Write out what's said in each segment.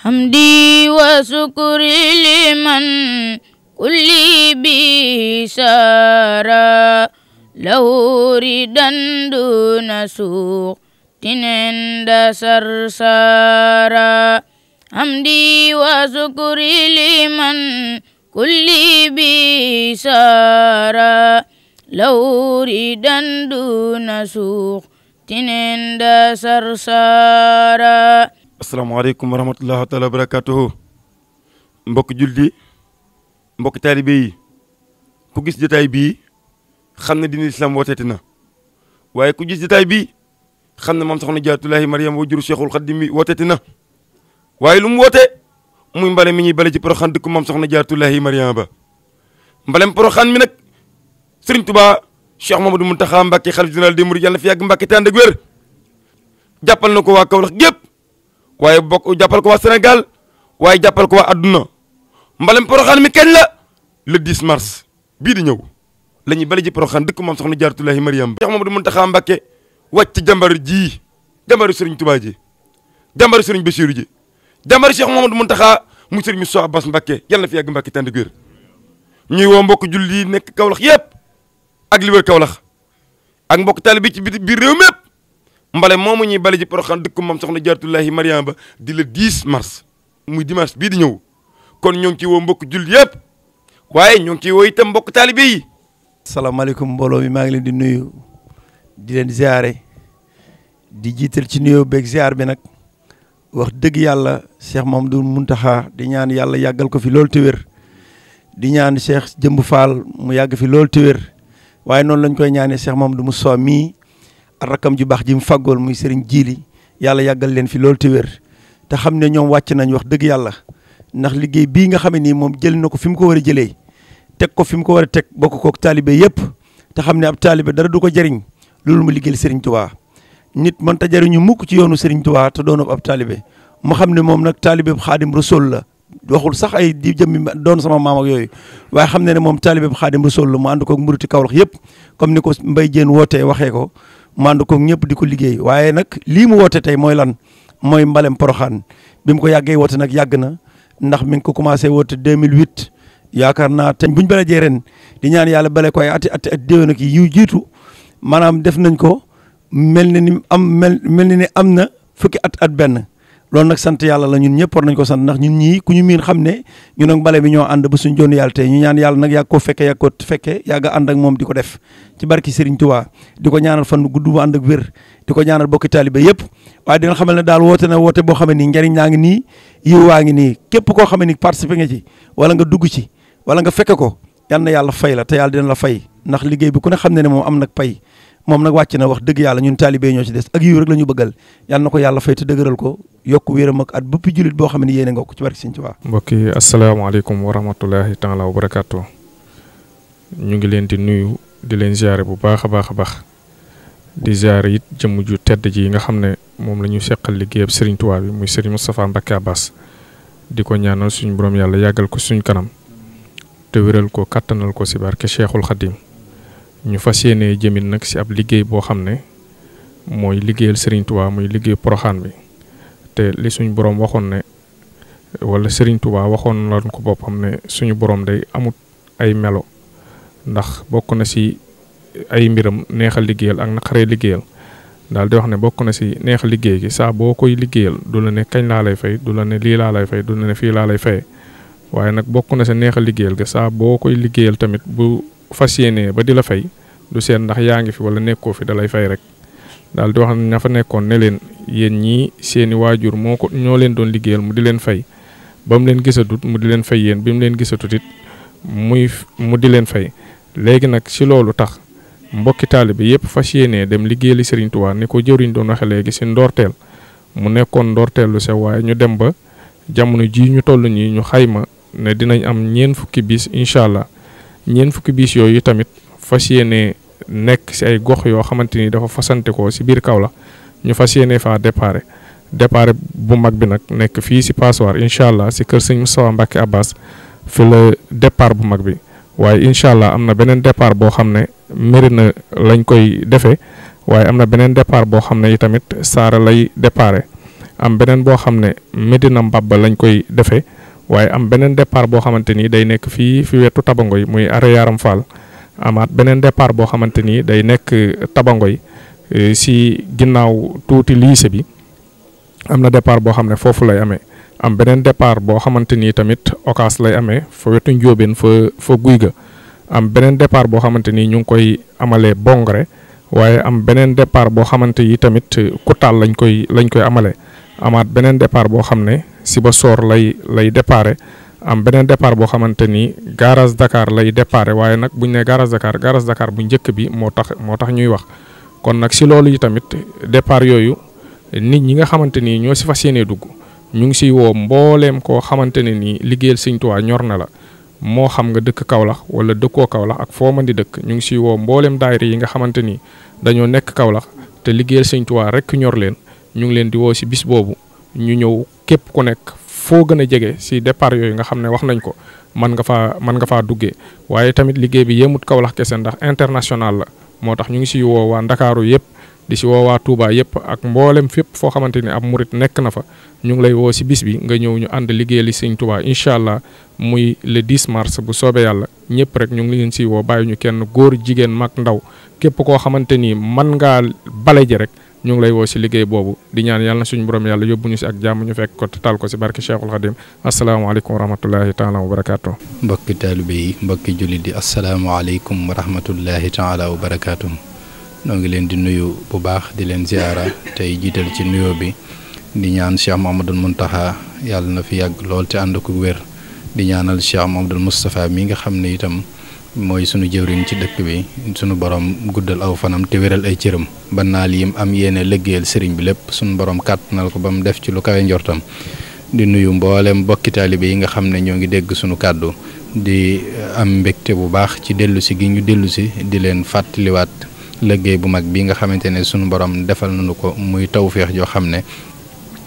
hamdi wa sukri liman kulli bi sara law ridan duna suqtin inda sarsara hamdi wa sukri liman kulli bi sara law ridan duna suqtin inda sarsara asalaamaaleykum wa rahmatullahi taala wa barakatuhu mbokk julli mbokk taalibe yi ku gis jotaay bii xam ne dina islam wooteeti na waaye ku gis jotaay bii xam ne moom soxna jaatulaahi mariam wa juru cheikhul xadim bi wooteeti na waaye mu woote muy mbale mi ñuy bale ci poroxaan dëkk moom soxna jaatulaahi mariam ba mbalem poroxaan mi nag sëriñ tubaa cheikh mamadou muntaxa mbàkke xalif général des mourides yàlla na fi yàgg mbàkke te ànd ak wér jàppal na ko waa Kawlax gépp waaye bokk jàppal ko waa Sénégal waaye jàppal ko waa adduna mbalem Porokhane mi kañ la le 10 mars bii di ñëw la ñuy bale ji Porokhane dëkk moom soxna Jaaratullaahi Mariam jox moom du Muntaxa Mbàkke wàcc ci jàmbaru ji jàmbaru Serigne Touba ji jàmbaru Serigne Bassirou ji jàmbaru Cheikh Mouhamadou Muntaxa mu Serigne Moussa Abbas Mbàkke yàlla na fi yàgg Mbàkke tànd gër ñuy woo mbokk julli yi nekk Kaolack yëpp ak li wër Kaolack ak mbokk taalibe bi ci biir réew mépp mbale moomu ñuy bale ji Porokhane dëkku mam soxna Jaaratullaahi Mariam ba di le 10 mars muy dimanche bii di ñëw kon ñoo ngi ci woo mbokk jul yëpp waaye ñoo ngi ciy woo itam mbokk taalibe yi. salaamaaleykum mbooloo mi maa ngi leen di nuyu di leen ziare di jiital ci nuyoo beeg ziar bi nag wax dëgg yàlla Cheikh du muntaxaa di ñaan yàlla yàggal ko fi loolu te wér di ñaan Cheikh Jëmb Fall mu yàgg fi loolu te wér waaye noonu lañ koy ñaanee Cheikh Mamadou Moussa mii. rakkam ju baax ji mu faggool muy sëriñ jiili yàlla yàggal leen fi loolu te wér te xam ne ñoom wàcc nañ wax dëgg yàlla ndax liggéey bii nga xam nii moom jël na ko fi mu ko war a jëlee teg ko fi mu ko war a teg bokk kook taalibe yëpp te xam ne ab taalibe dara du ko jariñ loolu mu liggéeyal tu Tuubaa nit mën ta jariñu mukk ci yoonu sëriñ Tuubaa te doonub ab taalibe mu xam ne moom nag taalibe xaadim rasul la waxul sax ay di jëmmi doon sama maam ak yooyu waaye xam ne ne moom taalibe xaadim rasul la mu ànd kook muruti Kawlax yëpp comme ni ko Mbaye Diène wootee waxee ko mànd ko ñëpp di ko liggéey waaye nag lii mu woote tey mooy lan mooy mbalem poroxaan bi mu ko yàggee woote nag yàgg na ndax mi ngi ko commencé woote 2008 yaakaar naa te buñ bala jee ren di ñaan yàlla bale ko ay ati ati at déwén ak yu jiitu maanaam def nañ ko mel na ni am mel mel na ni am na fukki at at benn loolu nag sant yàlla la ñun ñëpp war ko sant ndax ñun ñii ku ñu miin xam ne ñu nag bale bi ñoo ànd ba suñ joon yàlla tey ñu ñaan yàlla nag yàgg koo fekke yàgg koo fekke yàgg a ànd ak di ko def ci barki Serigne di ko ñaanal fan gudd bu ànd ak wér di ko ñaanal bokki taalibe yëpp waaye dina xamal ne daal woote na woote boo xam ne nii njariñ laa ngi nii yiw waa ngi nii képp koo xam ne ni participer nga ci wala nga dugg ci wala nga fekke ko yal yàlla fay la te yàlla dina la fay ndax liggéey bi ku ne xam ne ne moom am nag pay moom nag wàcc na wax dëgg yàlla ñun taalibé ñoo ci des ak yiw rek la ñu bëggal yàlla na ko yàlla fay te dëgëral ko yokk wéram at bëpp jullit boo xam ne yéene nga ko ci barke Sëñ Tuubaa mbokk yi asalaamaaleykum wa rahmatulahi taala wa barakaatu ñu ngi leen di nuyu di leen ziare bu baax a baax a baax di ziare it jëmm ju tedd ji yi nga xam ne moom la ñu seqal liggéeyab Serigne Touba bi muy Serigne Moustapha Mbacké Abbas di ko ñaanal suñu borom yàlla yàggal ko suñ kanam te wéral ko kàttanal ko si barke Cheikhul Khadim ñu fas yéene jëmin nag si ab liggéey boo xam ne mooy liggéeyal Serigne Touba muy liggéey poroxaan bi te li suñu borom waxoon ne wala Serigne Touba waxoon lan ko boppam ne suñu boroom day amut ay melo ndax bokk na si ay mbiram neexal liggéeyal ak naqaree liggéeyal daal di wax ne bokk na si neex liggéey gi saa boo koy liggéeyal du la ne kañ laa lay fay du la ne lii laa lay fay du la ne fii laa lay fay waaye nag bokk na sa neex a liggéeyal ga saa boo tamit fas yéenee ba di la fay du seen ndax yaa ngi fi wala nekkoo fi dalay fay rek daal di wax na fa nekkoon ne leen yéen ñii seeni waajur moo ko ñoo leen doon liggéeyal mu di leen fay ba mu leen gisatut mu di leen fay yéen bi mu leen gisatut it muy mu di leen fay léegi nag si loolu tax mbokki taalibe yépp fas yéenee dem liggéeyali Serigne Touba ni ko jëriñ doon waxe léegi si ndorteel mu nekkoon ndorteel lu sew waaye ñu dem ba jamono jii ñu toll nii ñu xayma ne dinañ am ñeen fukki bis incha allah ñeent fukki bis yooyu tamit fas yéene nekk si ay gox yoo xamante ni dafa fasante ko si biir Kaolack ñu fas yéene faa déparé déparé bu mag bi nag nekk fii si Passoir incha allah si kër sëñ Moustapha Mbacke Abbas fi la départ bu mag bi waaye incha allah am na beneen départ boo xam ne Mérina lañ koy defee waaye am na beneen départ boo xam ne tamit Saara lay déparé am beneen boo xam ne Médina Mbaba lañ koy defee. waaye am beneen départ boo xamante ni day nekk fii fi wetu yi muy arrêt Yaram amaat beneen départ boo xamante ni day nekk Tabangoy eh, si ginnaaw tuuti lycée bi am na départ boo xam ne foofu lay amee am beneen départ boo xamante ni tamit Ocass lay amee fa wetu Njóobeen fa fa guy ga am beneen départ boo xamante ni ñu ngi koy amale Bongre waaye am beneen départ boo xamante yi tamit Koutal lañ koy lañ koy amale amaat beneen départ boo xam ne si ba Sibassor lay lay déparé am beneen départ boo xamante ni garage Dakar lay déparé waaye nag buñ ne garage Dakar garage Dakar bu njëkk bi moo tax moo tax ñuy wax kon nag si loolu yi tamit départ yooyu nit ñi nga xamante ni ñoo si fas yéenee dugg ñu ngi siy woo mbooleem koo xamante ne nii liggéeyal Sëñ ñor na la moo xam nga dëkk kawlax wala dëkkoo Kaolack ak foo mën di dëkk ñu ngi siy woo mbooleem daayira yi nga xamante ni dañoo nekk Kaolack te liggéeyal Sëñ rek ñor leen ñu ngi leen di woo si bis boobu ñu ñëw képp ku nekk foo gën a jege si départ yooyu nga xam ne wax nañ ko mën nga faa mën nga faa duggee waaye tamit liggéey bi yemut Kaolack kese ndax international la moo tax ñu ngi si woo waa Ndakaaru yëpp di si woo waa Touba yëpp ak mboolem fépp foo xamante ni ab murit nekk na fa ñu ngi lay woo si bis bi nga ñëw ñu ànd liggéey li Sëñ Touba incha allah muy le 10 mars bu soobee yàlla ñëpp rek ñu ngi leen si woo bàyyi ñu kenn góor jigéen mag ndaw képp koo xamante ni mën ngaa bale ji rek. ñu ngi lay woo ci liggéey boobu di ñaan yàlla na suñu borom yàlla yóbbu ñu si ak jàmm ñu fekk ko tal ko si barke Cheikhul Khadim asalaamaaleykum wa rahmatullahi taala wa barakaatu. mbokki taalibe yi mbokki jullit yi asalaamaaleykum wa rahmatullahi taala wa barakaatu noo ngi leen di nuyu bu baax di leen ziara tey jiital ci nuyo bi di ñaan Cheikh Mouhamadoul Mountakha yàlla na fi yàgg lool te ànd ko wér di ñaanal Cheikh Mouhamadoul Moustapha mi nga xam ne itam. mooy sunu jëwriñ ci dëkk bi sunu borom guddal aw fanam te wéral ay cëram ba naal yim am yéene liggéeyal sëriñ bi lépp sunu borom kàttanal ko ba mu def ci lu kawe njortam di nuyu mboolem bokki taalibe yi nga xam ne ñoo ngi dégg sunu kàddu di eh, am mbégte bu baax ci dellu si gi ñu dellu si di leen fàttaliwaat liggéey bu mag bi nga xamante ne sunu borom defal nañu ko muy tawféex joo xam ne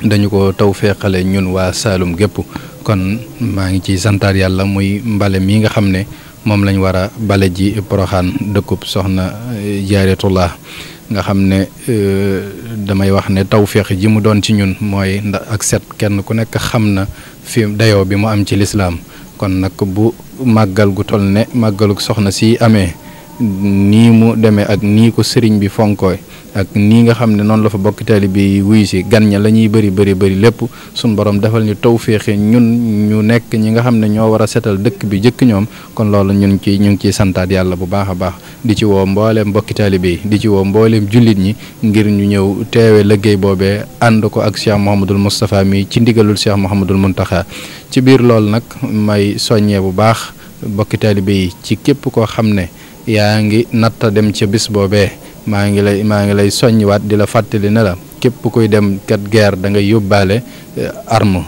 dañu ko tawféexale ñun waa Saalum gépp kon maa ngi ciy santaat yàlla muy mbale mi nga xam ne. moom lañ war a bale ji poroxaan dëkkub soxna eh, jaaretullah nga xam ne eh, damay wax ne tawféex ji mu doon ci ñun mooy ndax ak set kenn ku nekk xam na fi dayo bi mu am ci lislaam kon nag bu màggal gu toll ne màggalug soxna si amee nii mu demee ak nii ko sëriñ bi fonkooy ak nii nga xam ne noonu la fa bokk taalibe yi wuyu si gan ña la ñuy bari bëri bëri lépp suñ borom defal ñu tawféexe ñun ñu nekk ñi nga xam ne ñoo war a setal dëkk bi jëkk ñoom kon loolu ñun ci ñu ngi ciy santaat yàlla bu baax a baax di ci woo mbooleem bokki taalibe yi di ci woo mbooleem jullit ñi ngir ñu ñëw teewe liggéey boobee ànd ko ak Cheikh Mouhamadul Moustapha mi ci ndigalul Cheikh Mouhamadul Mountakha ci biir loolu nag may soññee bu baax bokki taalibe ci képp koo xam ne yaa ngi natta dem ca bis boobee maa ngi lay maa ngi lay soññiwaat di la fàttali ne la képp kuy dem kat guerre da ngay yóbbaale eh, arme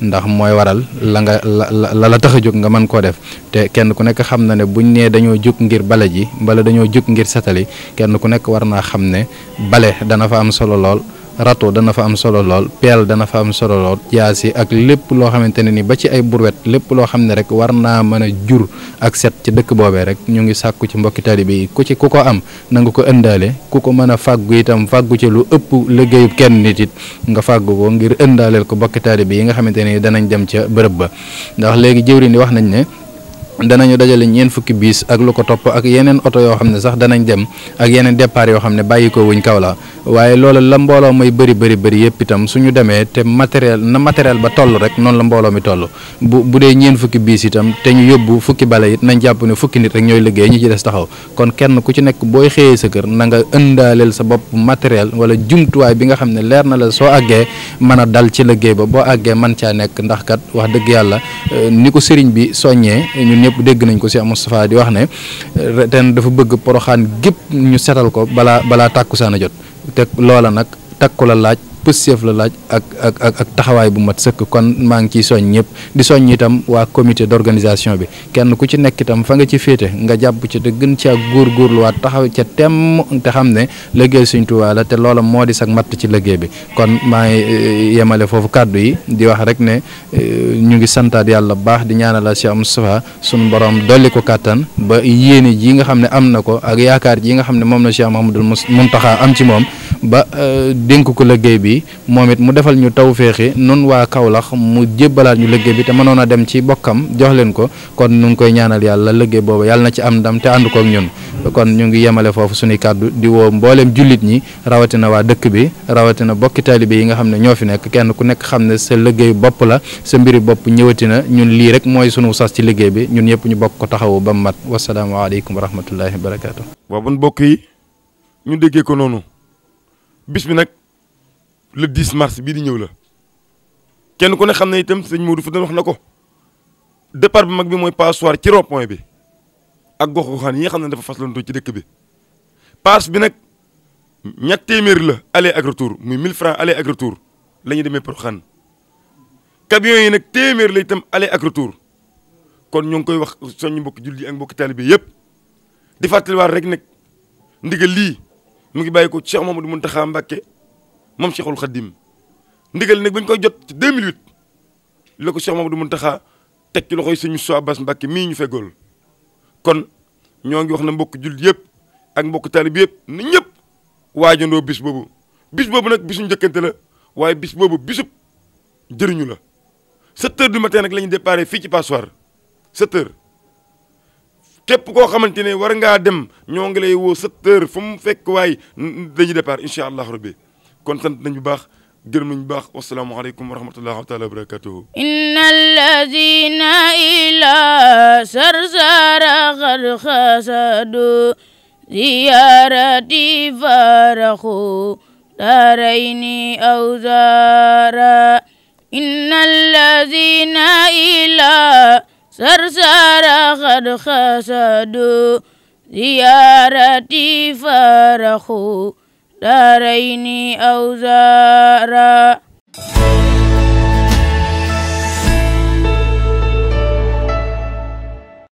ndax mooy waral la nga la la la tax a jóg nga mën koo def te kenn ku nekk xam na ne buñ nee dañoo jóg ngir bale ji mbala dañoo jóg ngir satali kenn ku nekk war naa xam ne bale dana fa am solo lool. râteau dana fa am solo lool peel dana fa am solo lool jaasi ak lépp loo xamante ne ni ba ci ay burwet lépp loo xam ne rek war naa mën a jur ak set ci dëkk boobe rek ñu ngi sàkku ci mbokki taalibe yi ku ci ku ko am nanga ko indaale ku ko mën a fàggu itam fàggu ci lu ëpp liggéeyub kenn nit it nga fàggu ko ngir indaaleel ko mbokki taalibe yi nga xamante ne danañ dem ca bërëb ba ndax léegi jëwriñ yi wax nañ ne danañu dajale ñeen fukki biis ak lu ko topp ak yeneen oto yoo xam ne sax danañ dem ak yeneen départ yoo xam ne bàyyi ko wuñ kaw la waaye loolu la mbooloo mooy bëri bëri bëri yëpp itam su ñu demee te matériel na matériel ba toll rek noonu la mbooloo mi toll bu bu dee ñeen fukki biis itam te ñu yóbbu fukki bala it nañ jàpp ne fukki nit rek ñooy liggéey ñi ci des taxaw kon kenn ku ci nekk booy xëyee sa kër nanga indaaleel sa bopp matériel wala jumtuwaay bi nga xam ne leer na la soo àggee mën a dal ci liggéey ba boo àggee man caa nekk ndax kat wax dëgg yàlla eh, ni ñëpp dégg nañ ko Cheikh Moustapha di wax ne ren dafa bëgg poroxaan gépp ñu setal ko balaa balaa tàkkusaan a jot te loola nag takku laaj pësseef la laaj ak ak ak ak taxawaay bu ma sëkk kon maa ngi ciy soñ ñëpp di soññ itam waa comité d'organisation bi kenn ku ci nekk itam fa nga ci féete nga jàpp ci te gën ci ak góorgóorluwaat taxaw ca temm te xam ne liggéey Sëriñ Tuubaa la te loola moo di sag matt ci liggéey bi kon maa ngi eh, yemale foofu kàddu yi di wax rek ne eh, ñu ngi santaat yàlla baax di ñaanala Cheikh Moustapha suñu borom dolli ko kàttan ba yéene ji nga xam ne am na ko ak yaakaar ji nga xam ne moom la Cheikh Mahamadul Muntaxa am ci moom ba eh, dénk bi moom it mu defal ñu taw féexi nun waa Kaolack mu jébbalaat ñu liggéey bi te mënoon a dem ci bokkam jox leen ko kon nu ngi koy ñaanal yàlla liggéey boobu yàlla na ci am ndam te ànd kook ñun kon ñu ngi yemale foofu suñuy kàddu di woo mbooleem jullit ñi rawatina waa dëkk bi rawatina bokki taalibe yi nga xam ne ñoo fi nekk kenn ku nekk xam ne sa liggéey bopp la sa mbiri bopp ñëwatina ñun lii rek mooy sunu sas ci liggéey bi ñun ñëpp ñu bokk ko taxawu ba mat wa rahmatullahi wa barakatu waaw le 10 mars bii di ñëw la kenn ku ne xam ne itam sëñ Modou Fadel wax na ko départ bi mag bi mooy passoire ci rond point bi ak gox goxaan yi nga xam ne dafa faslantoo ci dëkk bi paas bi nag ñett téeméer la aller ak retour muy 1000 francs aller ak retour la ñuy demee Porokhane camion yi nag téeméer la itam aller ak retour kon ñoo ngi koy wax soññu mbokki jullit yi ak mbokki taalibe yëpp di fàttaliwaat rek nag ndigal lii mu ngi bàyyi ko ci Cheikh Mamadou Mountakha Mbacké moom Cheikhul Khadim ndigal nag bi ñu koy jot ci 2008 la ko Cheikh Mamadou Mountakha teg ci loxoy sëñ Moussa Bass Mbacké mii ñu fegool kon ñoo ngi wax na mbokk jullit yëpp ak mbokk taalib yëpp na ñëpp waajandoo bis boobu bis boobu nag bisu njëkkante la waaye bis boobu bisub jëriñu la sept heures du matin nag la ñu fii ci Passoire sept heures képp koo xamante ne war ngaa dem ñoo ngi lay woo sept heures fu mu fekk waaye dañuy départ incha allahu rabbi kon sant nañ bu baax gërëm nañ bu baax wasalaamaaleykum wa rahmatullahi taala wa barakatuhu inna alladina ila sarsara xad xasadu ziyarati faraxu daarayni aw zara inna alladina ila sarsara xad xasadu ziyarati faraxu دارين أو زارا